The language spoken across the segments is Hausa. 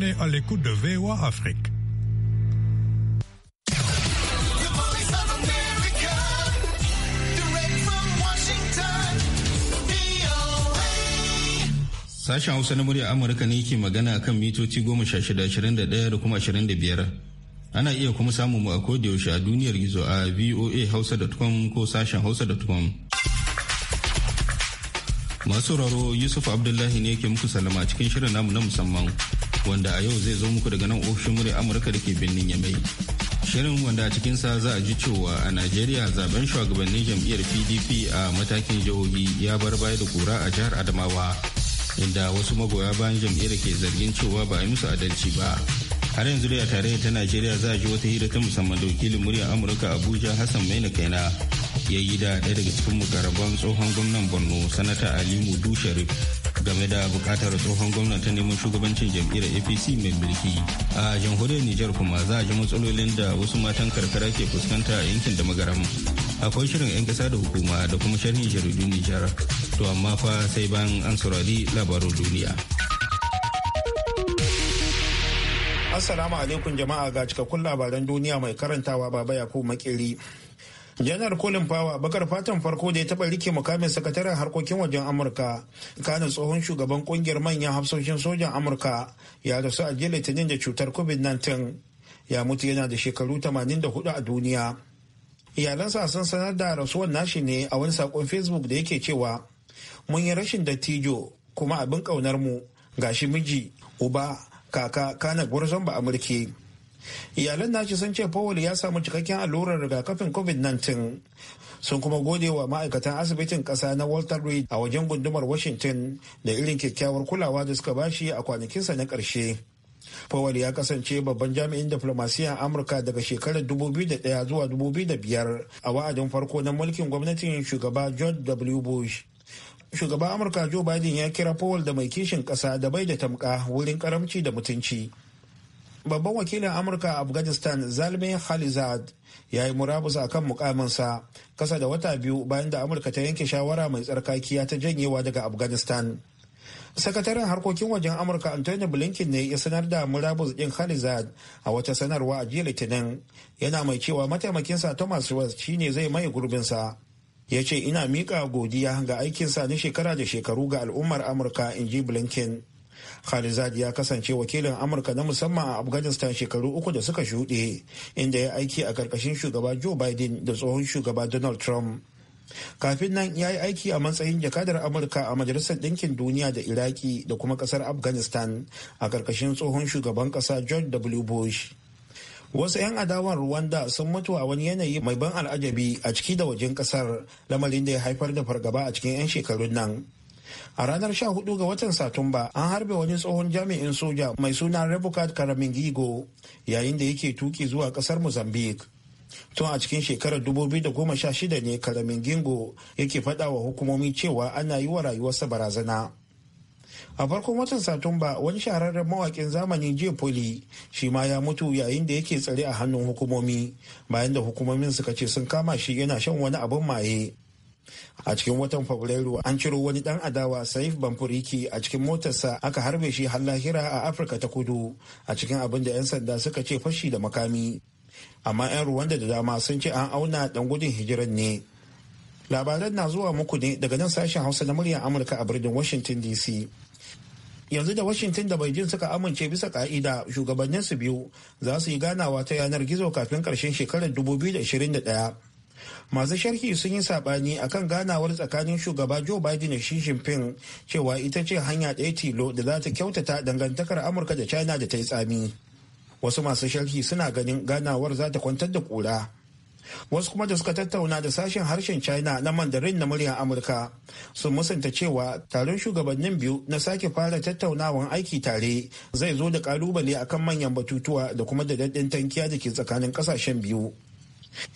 journée à l'écoute de VOA Afrique. Sashen Hausa na murya Amurka ne ke magana kan mitoci goma sha shida ashirin da ɗaya da kuma ashirin da biyar. Ana iya kuma samun mu a yaushe a duniyar gizo a voahausa.com ko sashen hausa.com. masu sauraro yusuf abdullahi ne ke muku salama cikin shirin namu na musamman wanda a yau zai zo muku daga nan ofishin murya Amurka da ke birnin Yamai. Shirin wanda a cikinsa za a ji cewa a Najeriya zaben shugabannin jam'iyyar PDP a matakin jihohi ya bar baya da kura a jihar Adamawa inda wasu magoya bayan jam'iyyar ke zargin cewa ba a yi musu adalci ba. har yanzu dai a tare ta najeriya za a ji wata hira ta musamman da wakilin muryar amurka abuja hassan maina kaina ya yi da ɗaya daga cikin mukarraban tsohon gwamnan borno sanata alimu du sharif game da bukatar tsohon gwamna ta neman shugabancin jam'iyyar apc mai mulki a jamhuriyar nijar kuma za a ji matsalolin da wasu matan karkara ke fuskanta a yankin da magaram akwai shirin 'yan kasa da hukuma da kuma sharhin jaridun nijar to amma fa sai bayan an saurari labarun duniya assalamu alaikum jama'a ga cikakkun labaran duniya mai karantawa baba yakubu makeri janar colin power bakar fatan farko da ya taba rike mukamin sakataren harkokin wajen amurka kanin tsohon shugaban kungiyar manyan hafsoshin sojan amurka ya rasu a jiya litinin da cutar covid-19 ya mutu yana da shekaru 84 a duniya iyalansa sun sanar da rasuwan nashi ne a wani sakon facebook da yake cewa mun yi rashin dattijo kuma abin kaunar mu gashi miji uba kaka kana gwarzon ba amurke iyalan nashi sun ce powell ya samu cikakken allurar rigakafin covid-19 sun kuma gode wa ma'aikatan asibitin ƙasa na walter reed a wajen gundumar washington da irin kyakkyawar kulawa da suka bashi a kwanakinsa na karshe. powell ya kasance babban jami'in diflomasiyyar amurka daga shekarar 2001 zuwa 2005 a wa'adin farko na mulkin gwamnatin shugaba george w bush shugaban amurka joe biden ya kira powell da mai kishin ƙasa da bai da tamka wurin karamci da mutunci babban wakilin amurka a afghanistan zalmi khalizad ya yi murabus a kan mukaminsa kasa da wata biyu bayan da amurka ta yanke shawara mai tsarkakiya ta janyewa daga afghanistan sakataren harkokin wajen amurka anthony blinken ne ya sanar da murabus din khalizad a wata sanarwa a jiya litinin yana mai cewa mataimakinsa thomas west shine zai maye gurbinsa ya ce ina miƙa godiya ga aikinsa na shekara da shekaru ga al'ummar amurka in ji blinken Khalizad ya kasance wakilin Amurka na musamman a Afghanistan shekaru uku da suka shuɗe, inda ya aiki a karkashin shugaba Joe Biden da tsohon shugaba Donald Trump. Kafin nan ya yi aiki a matsayin jakadar Amurka a Majalisar Ɗinkin Duniya da Iraki da kuma ƙasar Afghanistan a ƙarƙashin tsohon shugaban ƙasa George W. Bush. Wasu 'yan adawar Rwanda sun mutu a wani yanayi mai ban al'ajabi a ciki da wajen ƙasar lamarin da ya haifar da fargaba a cikin 'yan shekarun nan. a ranar 14 ga watan satumba an harbe wani tsohon jami'in soja mai suna revocat karamingigo yayin da yake tuki zuwa kasar mozambique tun a cikin shekarar 2016 ne gigo yake faɗa wa hukumomi cewa ana yi wa rayuwarsa barazana a farkon watan satumba wani shahararren mawakin zamani jiya poli shi ma ya mutu yayin da yake tsare a hannun hukumomi bayan da hukumomin suka ce sun kama shi yana shan wani abin maye a cikin watan fabrairu an ciro wani dan adawa saif bamfuriki a cikin motarsa aka harbe shi har lahira a afirka ta kudu a cikin abin da 'yan sanda suka ce fashi da makami amma 'yan ruwan da dama sun ce an auna dan gudun hijiran ne labaran na zuwa muku ne daga nan sashen hausa na muryar amurka a birnin washington dc yanzu da washington da beijing suka amince bisa ka'ida shugabanninsu biyu za su yi ganawa ta yanar gizo kafin karshen shekarar 2021 masu sharhi sun yi sabani akan ganawar tsakanin shugaba joe biden da shi jinping cewa ita ce hanya ɗaya tilo da za ta kyautata dangantakar amurka da china da ta yi tsami wasu masu sharhi suna ganin ganawar za ta kwantar da kura wasu kuma da suka tattauna da sashen harshen china na mandarin na muryar amurka sun musanta cewa taron shugabannin biyu na sake fara tattaunawan aiki tare zai zo da kalubale akan manyan batutuwa da kuma da tankiya da ke tsakanin kasashen biyu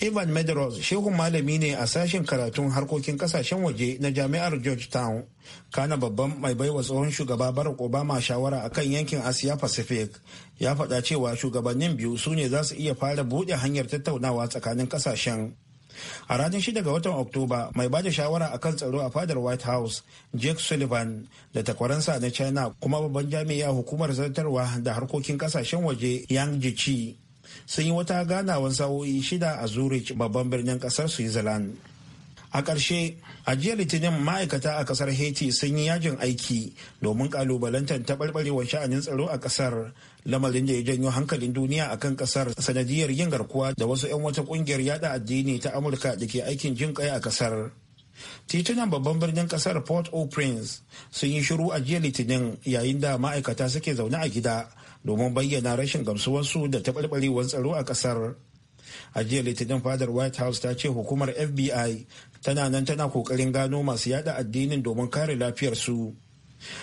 Ivan Medros shehun malami ne a sashen karatun harkokin kasashen waje na jami'ar Georgetown. Kana babban mai baiwa tsohon shugaba Barack Obama shawara a kan yankin asia Pacific ya faɗa cewa shugabannin biyu su ne za su iya fara buɗe hanyar tattaunawa tsakanin kasashen. A ranar 6 ga watan Oktoba, mai bada shawara a kan tsaro a fadar White House, Jake Sullivan, da takwaransa na China kuma babban jami'a hukumar zartarwa da harkokin kasashen waje Yang Jichi sun yi wata ganawar sa'o'i shida a zurich babban birnin kasar switzerland a ƙarshe a jiya litinin ma'aikata a ƙasar haiti sun yi yajin aiki domin ƙalubalantar taɓarɓarewar sha'anin tsaro a ƙasar lamarin da ya janyo hankalin duniya a kan ƙasar sanadiyar yin garkuwa da wasu 'yan wata ƙungiyar yada addini ta amurka da ke aikin jin ƙai a ƙasar titunan babban birnin ƙasar port au prince sun yi shiru a jiya litinin yayin da ma'aikata suke zaune a gida domin bayyana rashin gamsuwarsu da taɓarɓarewar tsaro a ƙasar. a jiya litinin fadar white house ta ce hukumar fbi tana nan tana kokarin gano masu yada addinin domin kare lafiyarsu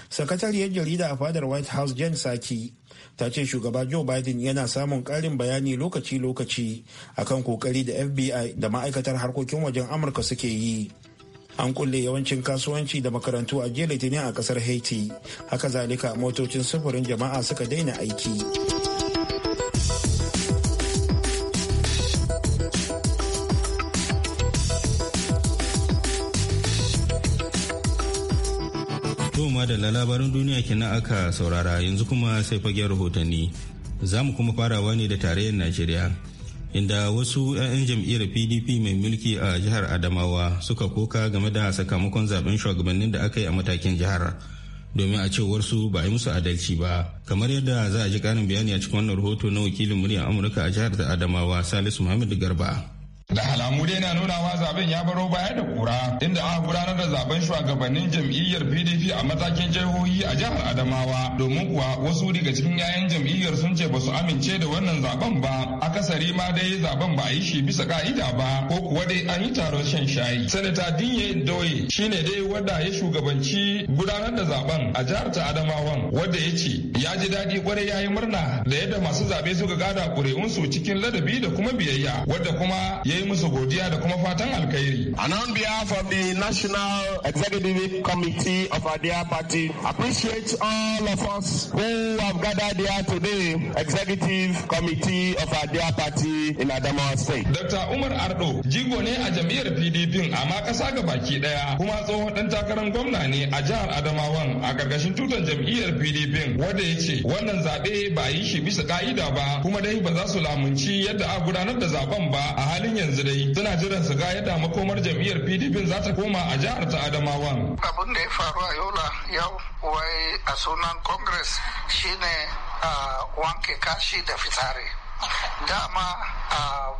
sakatariyar jarida a fadar white house jen saki ta ce shugaba joe biden yana samun ƙarin bayani lokaci-lokaci akan kokari da fbi da ma'aikatar harkokin wajen amurka suke yi an kulle yawancin kasuwanci da makarantu a jiya litinin a kasar haiti haka zalika motocin sufurin jama'a suka daina aiki Toma da labarin duniya kenan aka saurara yanzu kuma sai fagen rahotanni za mu kuma farawa ne da tarayyar najeriya inda wasu 'ya'yan jam'iyyar pdp mai mulki a jihar adamawa suka koka game da sakamakon zaben shugabannin da aka yi a matakin jihar domin a cewar su ba a yi musu adalci ba kamar yadda za a ji karin bayani a cikin wannan rahoto na wakilin muryar amurka a jihar adamawa salisu muhammadu garba Da alamu dai na nuna nunawa zaben ya baro baya da kura inda aka gudanar da zaben shugabannin jam'iyyar PDP a matakin jihohi a jihar Adamawa domin kuwa wasu daga cikin 'ya'yan jam'iyyar sun ce ba su amince da wannan zaben ba akasari ma dai zaben ba a yi shi bisa ka'ida ba ko kuwa dai an yi taron shan shayi. Sanata Dinye Doye shine dai wanda ya shugabanci gudanar da zaben a jihar ta Adamawan wanda ya ce ya ji daɗi kwarai ya yi murna da yadda masu zaɓe suka gada ƙuri'unsu cikin ladabi da kuma biyayya wadda kuma ya yi musu godiya da kuma fatan alkhairi. And on behalf of the National Executive Committee of our dear party, appreciate all of us who have gathered here today, Executive Committee of our party in Adamawa State. Dr. Umar Ardo jigo ne a jam'iyyar PDP amma kasa ga baki ɗaya kuma tsohon ɗan takarar gwamna ne a jihar Adamawan a ƙarƙashin tutar jam'iyyar PDP wanda ya ce wannan zaɓe ba yi shi bisa ƙa'ida ba kuma dai ba za su lamunci yadda a gudanar da zaben ba a halin yanzu yanzu dai suna jiran su ga yadda makomar jam'iyyar PDP za ta koma a jihar ta Adamawa. Abin da ya faru a Yola yau wai a sunan Congress shine wanke kashi da fitare. Dama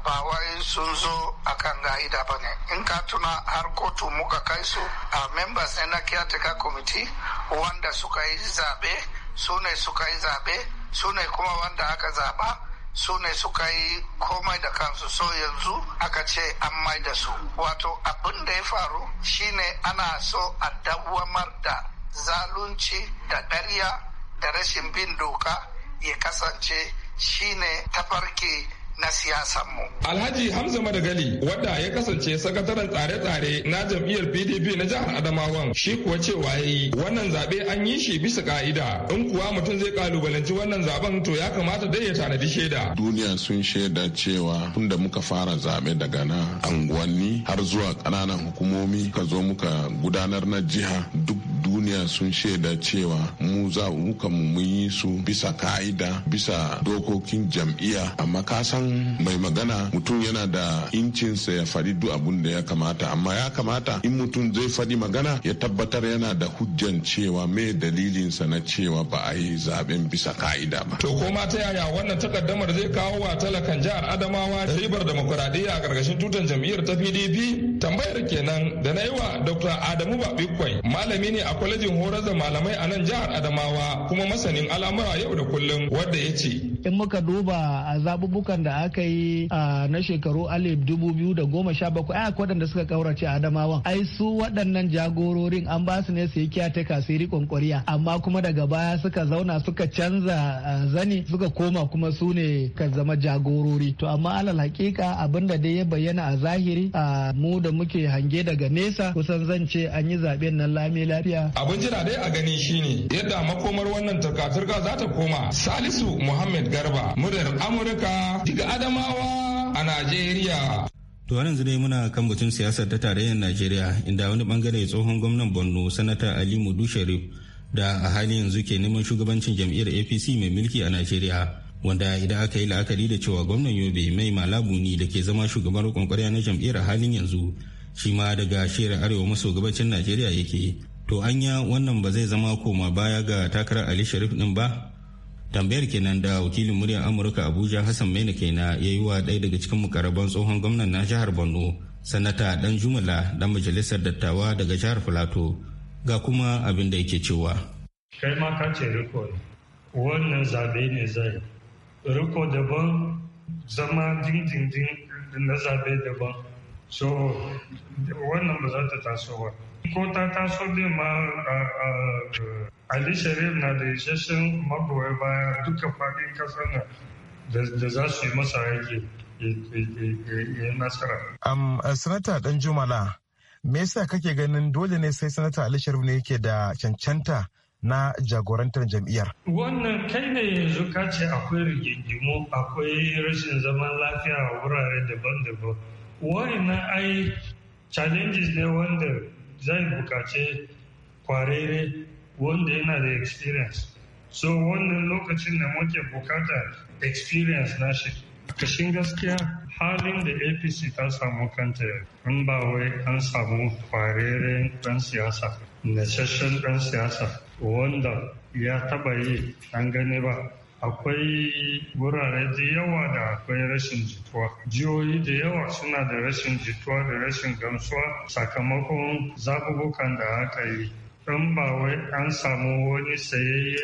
ba wai sun zo a kan ga'ida ba ne. In ka tuna har kotu muka kai su a members na caretaker committee wanda suka yi zabe su ne suka yi zabe su ne kuma wanda aka zaɓa su ne suka yi komai da kansu so yanzu aka ce an mai da su wato abin da ya faru shine ana so a dawamar da zalunci da ɗarya da rashin bin doka ya kasance shine tafarki na mu. Alhaji Hamza Madagali wanda ya kasance sakataren tsare-tsare na jam'iyyar PDP na jihar Adamawan shi kuwa cewa ya yi. wannan zaɓe an yi shi bisa ka'ida in kuwa mutum zai kalubalanci wannan zaben to ya kamata dai ya tanadi shaida. Duniya sun shaida cewa tunda muka fara zaɓe daga na anguwanni har zuwa ƙananan hukumomi ka zo muka gudanar na jiha duk duniya sun shaida cewa mu za mu mun yi su bisa ka'ida bisa dokokin jam'iyya amma ka san mai magana mutum yana da incinsa ya faɗi duk abun da ya kamata amma ya kamata in mutum zai faɗi magana ya tabbatar yana da hujjan cewa me dalilinsa na cewa ba a yi zaben bisa ka'ida ba. To koma ta yaya wannan takaddamar zai kawo wa talakan jihar Adamawa ribar demokuraɗiyya a ƙarƙashin tutan jam'iyyar ta PDP? Tambayar kenan da na yi wa Dr. Adamu Babikwai malami ne a kwalejin horar da malamai a nan jihar Adamawa kuma masanin al'amura yau da kullum wadda ya ce in muka duba a zabubukan da aka yi na shekaru alif dubu biyu da goma sha bakwai ai akwai waɗanda suka kaurace adamawan ai su waɗannan jagororin an ba su ne su yi kyateka su yi riƙon amma kuma daga baya suka zauna suka canza zani suka koma kuma su ne ka zama jagorori to amma alal hakika abin da dai ya bayyana a zahiri a mu da muke hange daga nesa kusan zan ce an yi zaɓen nan lami lafiya. abin jira dai a gani shine yadda makomar wannan turka-turka za ta koma salisu muhammad Garba, muryar Amurka daga Adamawa a Najeriya. To har yanzu dai muna kan batun siyasar ta tarayyar Najeriya inda wani bangare tsohon gwamnan Borno sanata alimu Mudu Sharif da a halin yanzu ke neman shugabancin jam'iyyar APC mai mulki a Najeriya. Wanda idan aka yi la'akari da cewa gwamnan Yobe mai malabu ni da ke zama shugaban kwarya na jam'iyyar a halin yanzu shi ma daga shirin arewa maso gabacin Najeriya yake. To anya wannan ba zai zama koma baya ga takarar Ali Sharif din ba? tambayar kenan da wakilin muryar amurka abuja hassan maina kenan ya yi wa ɗaya daga cikin mukarraban tsohon gwamnan na jihar borno sanata dan jumala dan majalisar dattawa daga jihar filato ga kuma abin da yake cewa kai ma ka ce riko wannan zabe ne zai riko daban zama dindindin na zabe daban so wannan ba za ta taso ba ko ta taso din ma ali sharif na da isasshen magoya baya duka faɗin ƙasar nan da za su yi masa aiki ya nasara. Eh, sanata dan jumala me yasa kake ganin dole ne sai sanata ali sharif ne yake da cancanta na jagorantar jam'iyyar. Wannan kai ne yanzu kace, akwai rigingimu akwai rashin zaman lafiya a wurare daban-daban. waina ai challenges ne wanda zai bukace kwarere wanda yana da experience so wannan lokacin da muke bukata experience na shi kashin gaskiya halin da apc ta samu kanta in ba wai an samu kwareren dan siyasa nashashen dan siyasa wanda ya taba yi an gane ba akwai wurare da yawa da akwai rashin jituwa jihohi da yawa suna da rashin jituwa da rashin gamsuwa sakamakon zabubukan da aka yi in ba wai an samu wani sayayye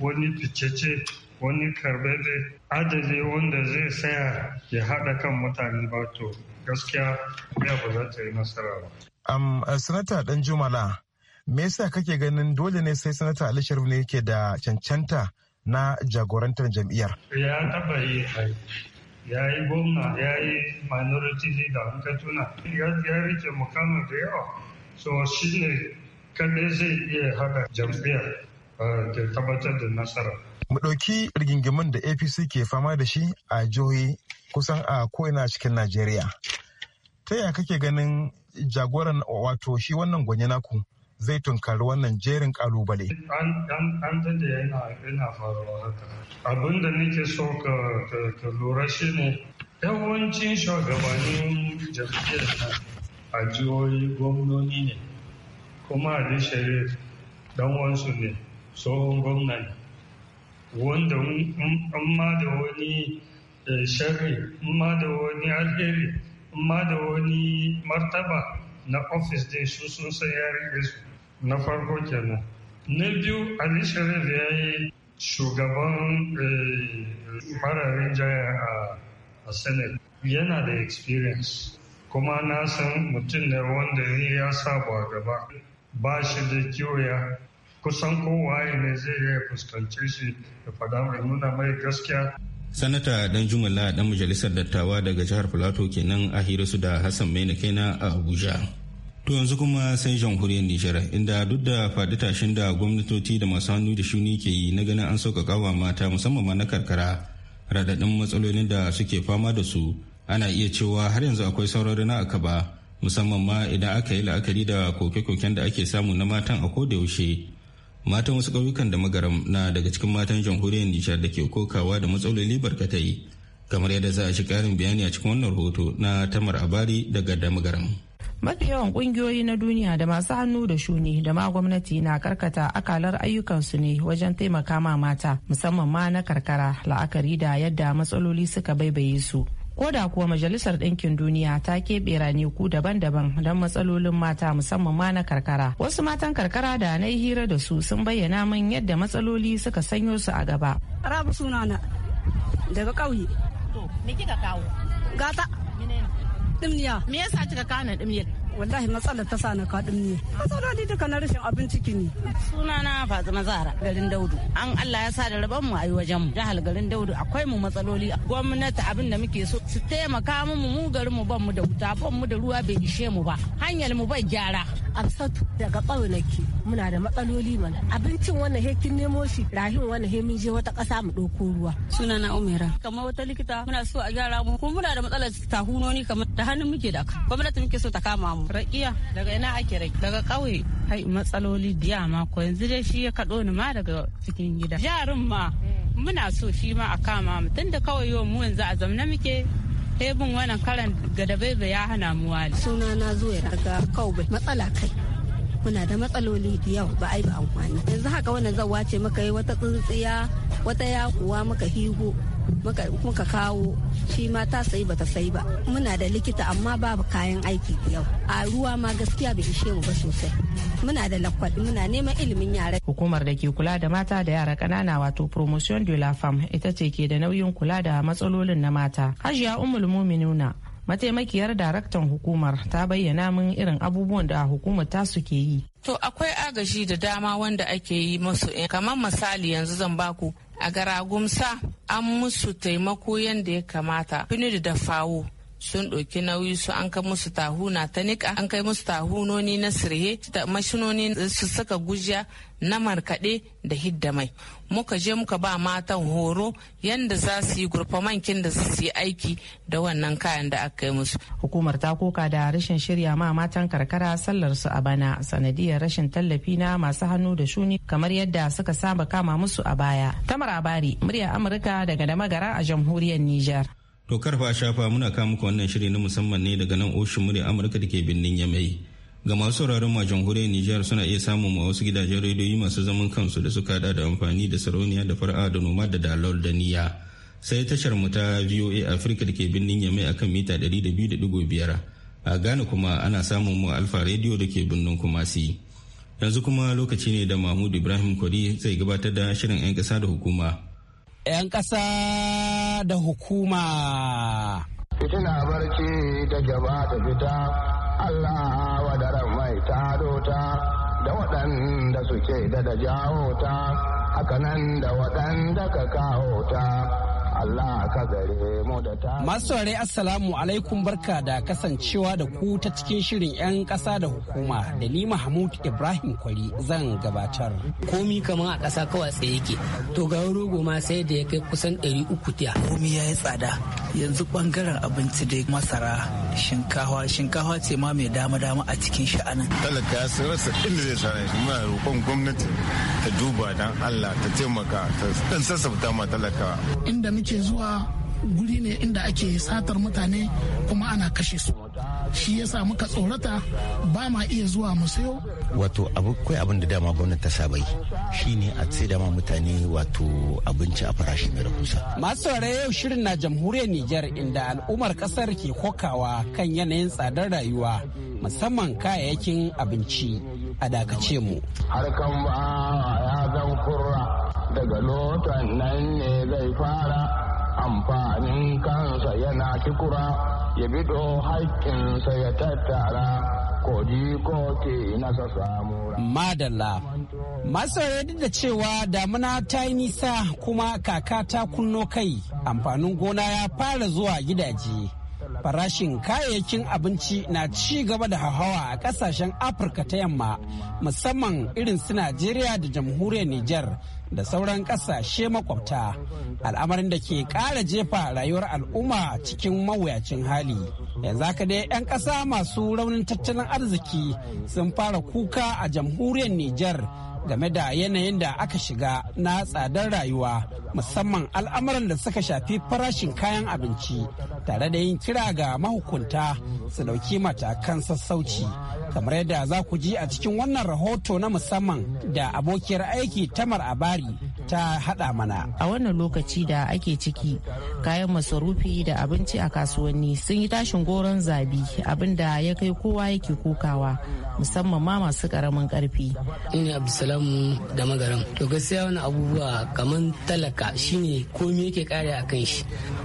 wani ficece wani karbebe adali wanda zai saya ya haɗa kan mutane ba to gaskiya ya ba za ta yi nasara ba. Um, sanata dan jumala me yasa kake ganin dole ne sai sanata ali ne yake da cancanta na jagorantar jam'iyyar ya taba yi ya yi gwamna ya yi minority leader in ka tuna ya rike mukamin da yawa so shi ne kaɗai zai iya hana jam'iyyar da eh, tabbatar da nasara. Mu ɗauki rigingimin da APC ke fama da shi a jihohi kusan a ko'ina cikin Najeriya. Ta yaya kake ganin jagoran wato shi wannan gwanye naku zai tunkari wannan jerin kalubale. An dade yana faruwa haka. Abin da nake so ka lura shi ne yawancin shugabannin jam'iyyar a jihohi gwamnoni ne. kuma Ali Sharif dan wansu ne tsohon gwamnan wanda in ma da wani eh, sharri in ma da wani alheri in ma da wani martaba na ofis da su sun san yari su na farko kenan na biyu ali sharif ya yi shugaban eh, mararin jaya a senate yana da experience kuma na san mutum ne wanda ya sa ba gaba ba shi da kiwoya kusan kowa ne zai iya fuskanci shi da fada mai nuna mai gaskiya sanata dan jumala dan majalisar dattawa daga jihar plateau kenan a su da hassan maina kaina a abuja to yanzu kuma sai jamhuriyar nijar inda duk da faɗi tashin da gwamnatoci da masu hannu da shuni ke yi na ganin an sauƙaƙa wa mata musamman ma na karkara radadin matsalolin da suke fama da su ana iya cewa har yanzu akwai saurari na akaba musamman ma idan aka yi la'akari da koke-koken da ake samu na matan a yaushe matan wasu ƙauyukan da magaram na daga cikin matan jamhuriyar nishar da ke kokawa da matsaloli barkatai kamar yadda za a shi ƙarin bayani a cikin wannan rahoto na tamar abari daga da magaram mafi yawan ƙungiyoyi na duniya da masu hannu da shuni da ma gwamnati na karkata akalar ayyukansu ne wajen taimaka ma mata musamman ma na karkara la'akari da yadda matsaloli suka baibaye su ko da kuwa majalisar ɗinkin duniya ta keɓe ranaku daban-daban don matsalolin mata musamman ma na karkara wasu matan karkara da na hira da su sun bayyana min yadda matsaloli suka sanyo su a gaba rabu sunana daga ƙauye me kika me yasa kika kana dimniya wallahi matsalar ta sani kaɗin ne matsaloli duka na rashin abin ciki ne sunana fatima zahra garin daudu an allah ya sa da rabon mu a yi wajen mu jihar garin daudu akwai mu matsaloli gwamnati abin da muke so su taimaka mu mu garin mu ban mu da wuta ban mu da ruwa bai ishe mu ba hanyar mu bai gyara amsatu daga ɓaro muna da matsaloli mana abincin wannan hekin nemo shi rahin wannan he je wata ƙasa mu ɗauko ruwa. suna na umira kamar wata likita muna so a gyara mu kuma muna da matsalar tahunoni kamar da hannun muke da gwamnati muke so ta kama mu. rakiya daga ina ake raƙi. daga kauye. kai matsaloli diya ma ko yanzu dai shi ya kaɗo ni ma daga cikin gida jarin ma eh. muna so shi ma a kama mu tunda kawai yau mu yanzu a zamna muke Hebin eh, wannan karan gadabebe ya hana mu wali. Suna na zuwa daga kawai matsala kai. Muna da matsaloli da yawa ba a ba amfani. Yanzu haka wannan zawa ce muka yi wata tsintsiya wata yakuwa muka higo muka kawo shi ma ta sayi bata sayi ba muna da likita amma babu kayan aiki yau a ruwa ma gaskiya bai ishe mu ba sosai muna da lakwal muna neman ilimin yara hukumar da ke kula da mata da yara kanana wato promotion de la femme ita ce ke da nauyin kula da matsalolin na mata hajiya umul muminuna mataimakiyar daraktan hukumar ta bayyana min irin abubuwan da hukumar su ke yi To akwai agaji da dama wanda ake yi musu eh, kamar misali yanzu zan baku a garagumsa an musu taimako yadda ya kamata fini da fawo sun ɗauki nauyi su an kai musu tahuna ta niƙa an kai musu tahunoni na sirhe mashinoni su saka gujiya na markaɗe da hidda mai muka je muka ba matan horo yadda za su yi gurfamankin da su yi aiki da wannan kayan da aka yi musu hukumar ta koka da rashin shirya ma matan karkara sallar su a bana sanadiyar rashin tallafi na masu hannu da shuni kamar yadda suka saba kama musu a baya tamar abari murya amurka daga da magara a jamhuriyar niger To karfa shafa muna kawo muku wannan shiri na musamman ne daga nan oshin murya Amurka da ke birnin Yamai. Ga masu sauraron ma jamhuriyar Nijar suna iya samun ma wasu gidajen rediyoyi masu zaman kansu da suka hada da amfani da sarauniya da fara'a da noma da dalol da niyya. Sai tashar mu ta VOA Africa da ke birnin Yamai akan mita 200.5 a Ghana kuma ana samun mu Alfa Radio da ke birnin Kumasi. Yanzu kuma lokaci ne da Mahmud Ibrahim Kwari zai gabatar da shirin 'yan ƙasa da hukuma. 'yan ƙasa da hukuma. Fitina barci da gaba da fita, Allah wadaran mai taro ta da waɗanda suke da da jawo ta, hakanan da waɗanda ka kawo ta. Allah da ta. Masu saurare Assalamu alaikum barka da kasancewa da ku ta cikin shirin 'yan ƙasa da hukuma da ni Mahmud Ibrahim Kwari zan gabatar. Komi kamar a kasa kawai tsaye yake. To ga rogo ma sai da ya kai kusan ɗari uku tiya. Komi ya yi tsada. Yanzu bangaren abinci dai masara, shinkawa, shinkawa ce ma mai dama-dama a cikin sha'anin. Talaka ya rasa inda zai sa shi roƙon gwamnati ta duba dan Allah ta taimaka ta sassauta ma talakawa. Inda muke muke zuwa guri ne inda ake satar mutane kuma ana kashe su shi yasa muka tsorata ba ma iya zuwa mu sayo wato akwai abin da dama gwamnati ta saba yi shine a sai dama mutane wato abinci a farashi mai rahusa masu saurare yau shirin na jamhuriyar Nijar inda al'ummar kasar ke kokawa kan yanayin tsadar rayuwa musamman kayayyakin abinci a dakace mu harkan ya zan kurra daga lotan nan ne zai fara amfanin kansa yana kikura ya bido haƙƙinsa ya tattara koji ko ke nasa samu. Madalla. Masarai duk da cewa damuna ta yi nisa kuma kaka ta kunno kai amfanin gona ya fara zuwa gidaje. farashin kayayyakin abinci na ci gaba da hauhawa a kasashen afirka ta yamma musamman irin su najeriya da jamhuriyar niger da sauran ƙasashe makwabta al'amarin da ke ƙara jefa rayuwar al'umma cikin mawuyacin hali yanzu haka dai 'yan ƙasa masu raunin tattalin arziki sun fara kuka a jamhuriyar nijar game da yanayin da aka shiga na tsadar rayuwa musamman al'amuran da suka shafi farashin kayan abinci tare da yin kira ga mahukunta su ɗauki matakan sassauci kamar yadda za ku ji a cikin wannan rahoto na musamman da abokiyar aiki tamar abari ta haɗa mana. A wannan lokaci da ake ciki kayan masarufi da abinci a kasuwanni sun yi tashin goron zabi abinda ya kai kowa yake kokawa musamman ma masu ƙaramin ƙarfi. Ina Abdulsalamu da Magaran. To gaskiya wani abubuwa kamar talaka shine komi yake kare a kan shi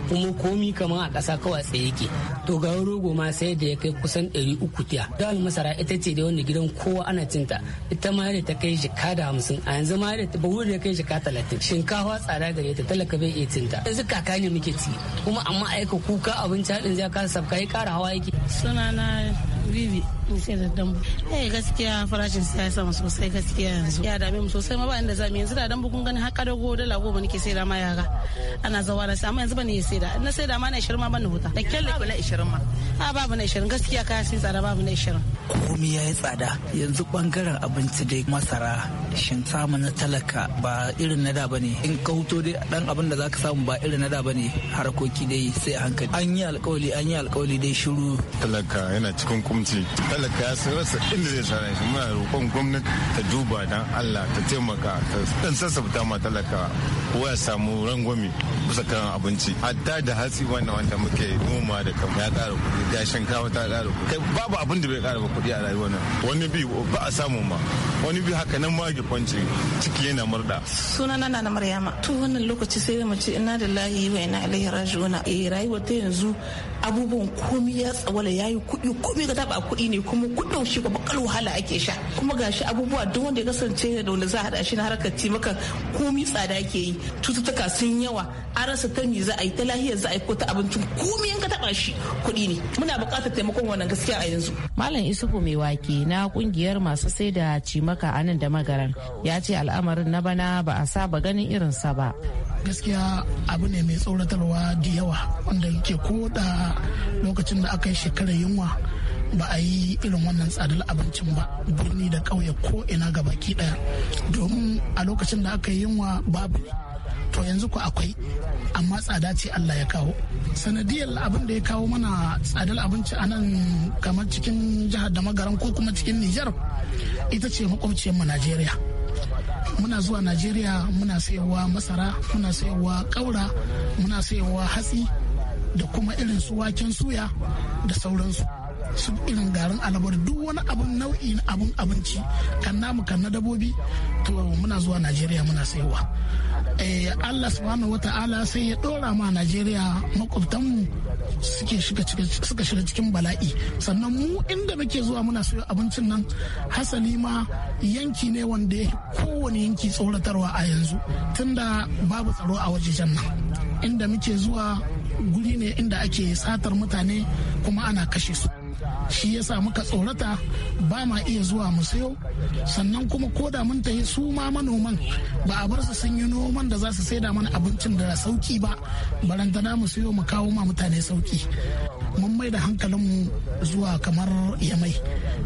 kuma komi kamar a kasa kawai tsaye yake. To ga rogo ma sai da ya kai kusan ɗari uku tiya. Dal masara ita ce da wani gidan kowa ana cinta ita ma da ta kai shi kada hamsin a yanzu ma da ba da kai shi talatin shinkafa tsada gare ta talaka bai iya cinta yanzu kaka ne muke ci kuma amma aika kuka abinci haɗin zai kasa sabka ya kara hawa yake sunana vivi mu sai da dambu eh gaskiya farashin sai ya sama sosai gaskiya yanzu ya dame mu sosai ma ba inda zamu yanzu da dambu kun gani har go dala goma nake sai da ma ga ana zawa da amma yanzu ne sai da na sai da ma na 20 ma ban huta da kyalle na 20 ma a babu na 20 gaskiya kaya sun tsada babu na 20 komai yayi tsada yanzu bangaren abinci dai masara shin samu na talaka ba irin na da bane in ka huto dai dan abin da zaka samu ba irin na da bane harkoki dai sai hankali an yi alkawali an yi alkawali dai shiru talaka yana cikin kumci talaka ya sai rasa inda zai sa shi muna roƙon gwamnati ta duba dan Allah ta taimaka ta dan sassabta ma talaka ko ya samu rangwame kusa kan abinci hatta da hatsi wannan wanda muke noma da kan ya ƙara kuɗi da shinkafa ta ƙara kuɗi kai babu abin da bai ƙara ba kuɗi a rayuwar nan wani bi ba a samu ma wani bi haka nan ma ya kwanci ciki yana murda sunana na maryama to wannan lokaci sai da mace ina da lahi wa ina alaihi rajuna eh rayuwar ta yanzu abubuwan komi ya tsawala yayi kuɗi komi ga daba kuɗi ne kuma kudin shi kuma kal wahala ake sha kuma gashi abubuwa duk wanda ya kasance da wanda za a hada shi na harkar ci maka komi tsada ake yi cututtuka sun yawa an rasa ta mi za a yi ta lahiyar za a yi ko ta abincin komi in ka taba shi kuɗi ne muna buƙatar taimakon wannan gaskiya a yanzu malam isufu mai wake na kungiyar masu sai da cimaka a nan da magaran ya ce al'amarin na bana ba a saba ganin irinsa ba gaskiya abu ne mai tsoratarwa da yawa wanda yake ko da lokacin da aka yi shekarar yunwa ba a yi irin wannan tsadar abincin ba birni da ƙauye ko ina ga baki ɗaya domin a lokacin da aka yi yunwa babu to yanzu ku akwai amma tsada ce Allah ya kawo sanadiyar abin da ya kawo mana tsadar abinci a nan kamar cikin jihar da magaran ko kuma cikin Nijar ita ce makwabciyar mu Najeriya muna zuwa Najeriya muna sayarwa masara muna sayarwa kaura muna sayarwa hatsi da kuma irin su waken suya da sauransu su irin garin alabar duk wani abu nau'i na abun abinci kan namu kan na dabobi to muna zuwa najeriya muna sayowa eh, allah subhanahu wata'ala sai ya dora ma najeriya makwabtanmu suke suka shiga cikin bala'i sannan mu inda muke zuwa muna sayo abincin nan hasali ma yanki ne wanda ya kowane yanki tsoratarwa a yanzu tunda babu tsaro a wajejen nan inda muke zuwa guri ne inda ake satar mutane kuma ana kashe su shi yasa muka tsorata ba ma iya zuwa mu sayo sannan kuma ko da mun tafi su ma manoman ba a bar su sun yi noman da za su saida mana abincin da sauki ba barantana mu sayo mu kawo ma mutane sauki mun mai da hankalinmu zuwa kamar yamai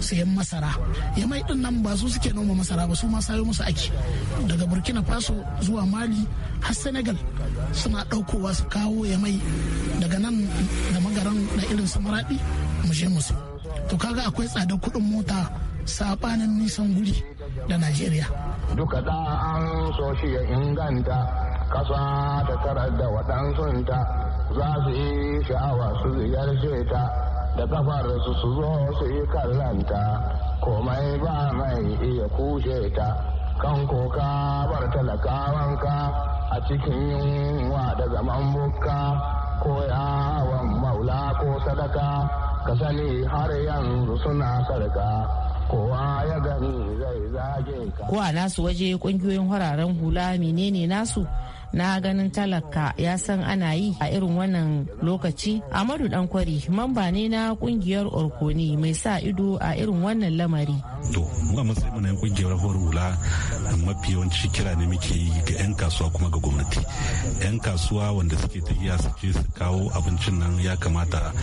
sayan masara yamai din nan ba su suke noma masara ba su ma sayo musu aki daga burkina faso zuwa mali har senegal suna ɗaukowa su kawo yamai daga nan da magaran na irin su maraɗi mu je musu to kaga akwai tsadar kuɗin mota saɓanin nisan guri da najeriya duka da an so shi ya inganta kasa ta tarar da ta za su yi sha'awa su ziyarce ta da kafar su su zo su yi kallanta komai ba mai iya kushe ta kan koka bar talakawanka a cikin yunwa da zaman bukka ko yawon maula ko sadaka ka sani har yanzu suna sarka kowa ya gani zai zage ka. Ko a nasu waje ƙungiyoyin hararen hula menene nasu na ganin talaka ya san ana yi a irin wannan lokaci amadu dankwari mamba ne na kungiyar orkoni mai sa ido a irin wannan lamari to mu a matsayin na kungiyar hula mafi yawanci kira ne muke yi ga 'yan kasuwa kuma ga gwamnati 'yan kasuwa wanda suke tafiya su je su kawo abincin nan ya kamata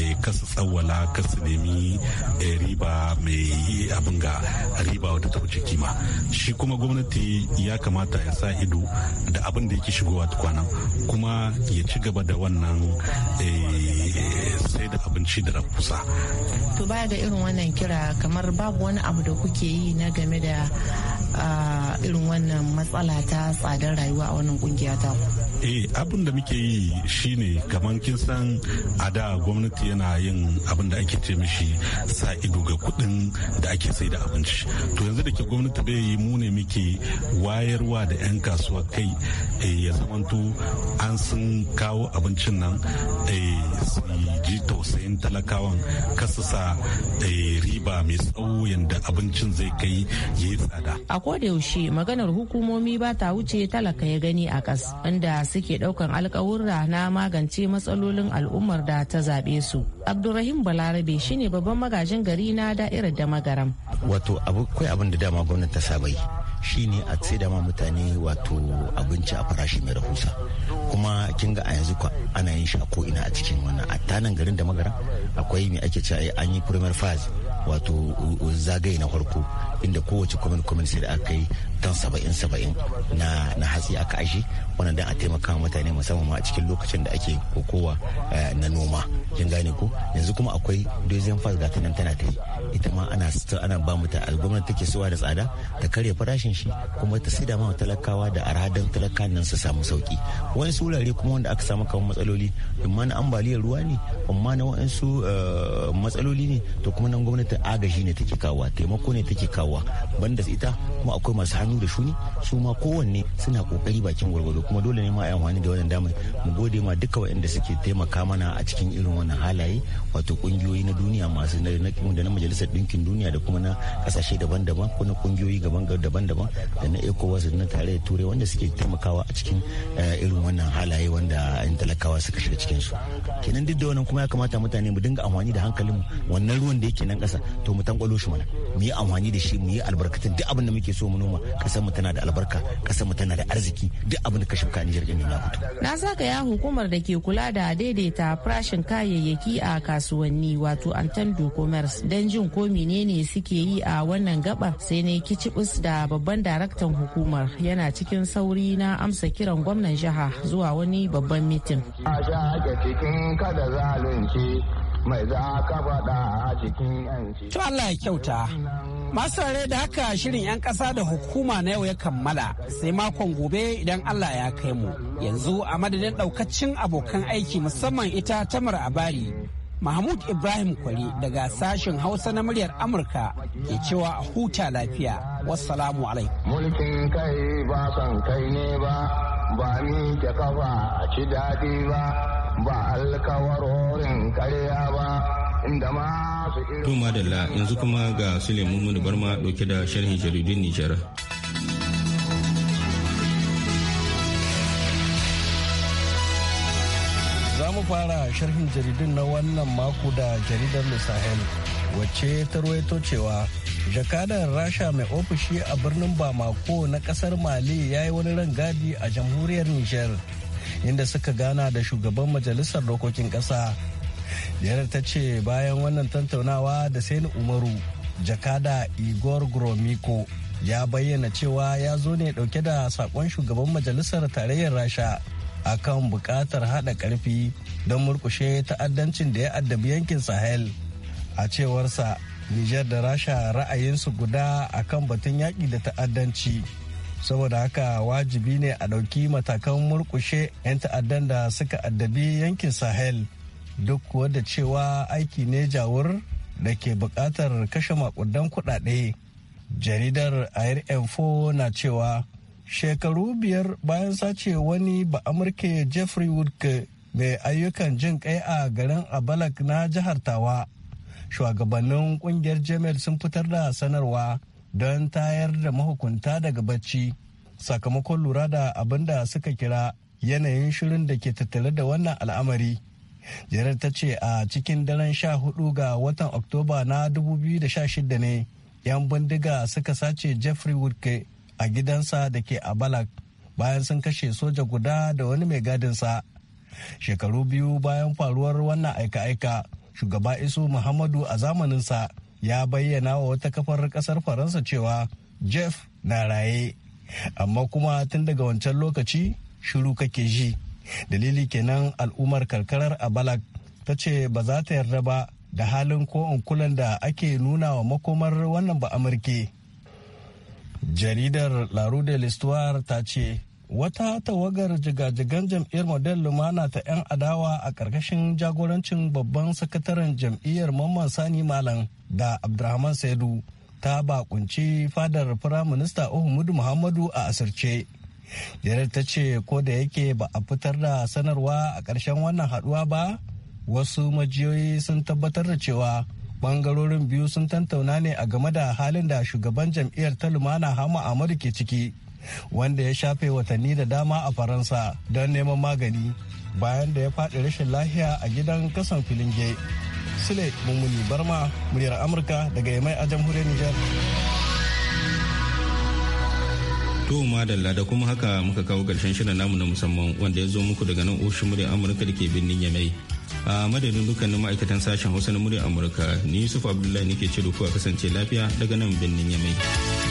eh, kasu tsawwala kasu nemi eh, riba mai abin ga riba wata ta wuce kima shi kuma gwamnati ya kamata ya sa ido da abin wanda yake shigowa tukwana kuma ya ci gaba da wannan eh, sai da abinci da rafusa. To baya ga irin wannan kira kamar babu wani abu da kuke yi na game da ah, irin wannan matsala ta tsadar rayuwa a wannan kungiya ta eh abin da muke yi shine kamar kin san a da gwamnati yana yin abin da ake ce mishi sa ido ga kuɗin da ake sai da abinci to yanzu da ke gwamnati bai yi mu ne muke wayarwa da 'yan kasuwa kai Eh, ya an sun kawo abincin nan eh, su ji tausayin talakawan kasasa eh, riba mai tsawo yadda abincin zai kai ya yi tsada. A koda yaushe maganar hukumomi ba ta wuce talaka ya gani a kas inda suke daukan alkawurra na magance matsalolin al'ummar da ta zaɓe su. Abdurrahim Balarabe shine babban magajin gari na da'irar da magaram. Wato akwai abin da dama gwamnati ta saba yi shine a sai da ma mutane wato abinci a farashi mai rahusa kuma kin ga a yanzu ko ana yin shi a ko ina a cikin wannan a tanan garin da magara akwai mai ake cewa an yi primary phase wato zagaye na farko inda kowace kwamin kwamin sai da aka yi tan saba'in saba'in na na hatsi aka ashe wannan dan a taimaka mutane musamman ma a cikin lokacin da ake kokowa eh, na noma kin gane ko yanzu kuma akwai dozen fas ga nan tana ta yi ita ma ana ana ba mu ta gwamnati take suwa da tsada ta karya farashin shi kuma ta sida ma talakawa da aradan talakan nan su samu sauki wani wurare kuma wanda aka samu kamar matsaloli amma na ambaliyar ruwa ne amma na wa'ansu eh, matsaloli ne to kuma nan gwamnatin agaji ne take kawo taimako ne take kawo banda ita kuma akwai masu hannu da shuni su ma kowanne suna kokari bakin gwargwado kuma dole ne ma a yi amfani da wannan damar mu gode ma duka waɗanda suke taimaka mana a cikin irin wannan halaye wato ƙungiyoyi na duniya masu da na majalisar majalisar ɗinkin duniya da kuma na ƙasashe daban-daban ko na ƙungiyoyi daban-daban da na ecowas da na da turai wanda suke taimakawa a cikin eh, irin wannan halaye wanda yan talakawa suka shiga cikin su kenan duk da wannan kuma ya kamata mutane mu dinga amfani da hankalin wannan ruwan da yake nan ƙasa to mu tankwalo shi mana mu yi amfani da shi mu yi albarkatun duk abin da muke so mu noma ƙasar mu tana da albarka ƙasar mu tana da arziki duk abin da ka shuka Nijar ɗin na fito na saka ya hukumar da ke kula da daidaita farashin kayayyaki a kasuwanni wato Antando Commerce don jin ko menene suke yi a wannan gaba sai ne kicibus da babban daraktan hukumar yana cikin sauri na amsa kiran gwamnan jiha zuwa wani babban mitin. A cikin a To Allah ya kyauta. Masu rare da haka shirin 'yan ƙasa da hukuma na yau ya kammala sai makon gobe idan Allah ya kai mu. Yanzu a madadin ɗaukacin abokan aiki musamman ita tamar abari Mahmud Ibrahim Kwari daga sashen Hausa na muryar Amurka ke cewa a huta lafiya. Wassalamu alaikum. Mulkin kai ba kan kai ne ba, ba ni ke kafa a ci daɗi ba, ba alkawarorin karya ba, inda masu irin. To yanzu kuma ga Suleiman Muni Barma ɗauke da sharhin jaridun Nijar. fara sharhin jaridun na wannan mako da jaridar Sahel wacce ta ruwaito cewa jakadar rasha mai ofishi a birnin bamako na kasar mali ya yi wani rangadi a jamhuriyar niger inda suka gana da shugaban majalisar dokokin kasa yarar ta ce bayan wannan tantaunawa da saini umaru jakada igor gromiko ya bayyana cewa ya zo ne dauke da sakon shugaban majalisar tarayyar rasha a kan bukatar haɗa karfi don murkushe ta'addancin da ya addabi yankin sahel a cewarsa nijar da rasha ra'ayinsu guda akan batun yaƙi da ta'addanci saboda haka wajibi ne a ɗauki matakan murkushe 'yan ta'addan da suka addabi yankin sahel duk kuwa da cewa aiki ne jawur da ke buƙatar kashe makudan kuɗaɗe jaridar air na cewa shekaru biyar bayan sace wani ba amurke jeffrey woodke mai ayyukan jin kai a garin abalak na jihar tawa shugabannin kungiyar Jamil sun fitar da sanarwa don tayar da mahukunta daga bacci sakamakon lura da abin da suka kira yanayin shirin da ke tattale da wannan al'amari jirar ta ce a cikin daren sha hudu ga watan oktoba na 2016 ne 'yan bindiga suka sace jeffrey woodke a gidansa da ke a balak bayan sun kashe soja guda da wani mai gadinsa shekaru biyu bayan faruwar wannan aika-aika shugaba isu muhammadu a zamaninsa ya bayyana wa wata kafar kasar faransa cewa jeff na raye amma kuma tun daga wancan lokaci shiru kake ji dalili kenan al'ummar karkarar a balak ta ce ba za ta yarda ba da halin ko kulan da ake nuna wa makomar wannan ba amurke jaridar la rue de l'histoire ta ce wata tawagar jigajigan jam'iyyar model lumana ta 'yan adawa a ƙarƙashin jagorancin babban sakataren jam'iyyar mamman sani malam da abdulrahman saidu ta bakunci fadar firaminista uhumudu muhammadu a asirce jaridar ta ce ko da yake ba a fitar da sanarwa a ƙarshen wannan haɗuwa ba wasu majiyoyi sun tabbatar da cewa bangarorin biyu sun tantauna ne a game da halin da shugaban jam'iyyar ta lumana hama amadu ke ciki wanda ya shafe watanni da dama a faransa don neman magani bayan da ya faɗi rashin lahiya a gidan kasan filinge sule mummuni barma muryar amurka daga yamai a jamhuriyar nijar To madalla da kuma haka muka kawo karshen shirin namu na musamman wanda ya zo muku daga nan oshin muryar Amurka da ke birnin Yamai. a madadin dukkanin ma'aikatan sashen hausa na murya amurka ni yusuf abdullahi nake ce da ku a kasance lafiya daga nan birnin yamai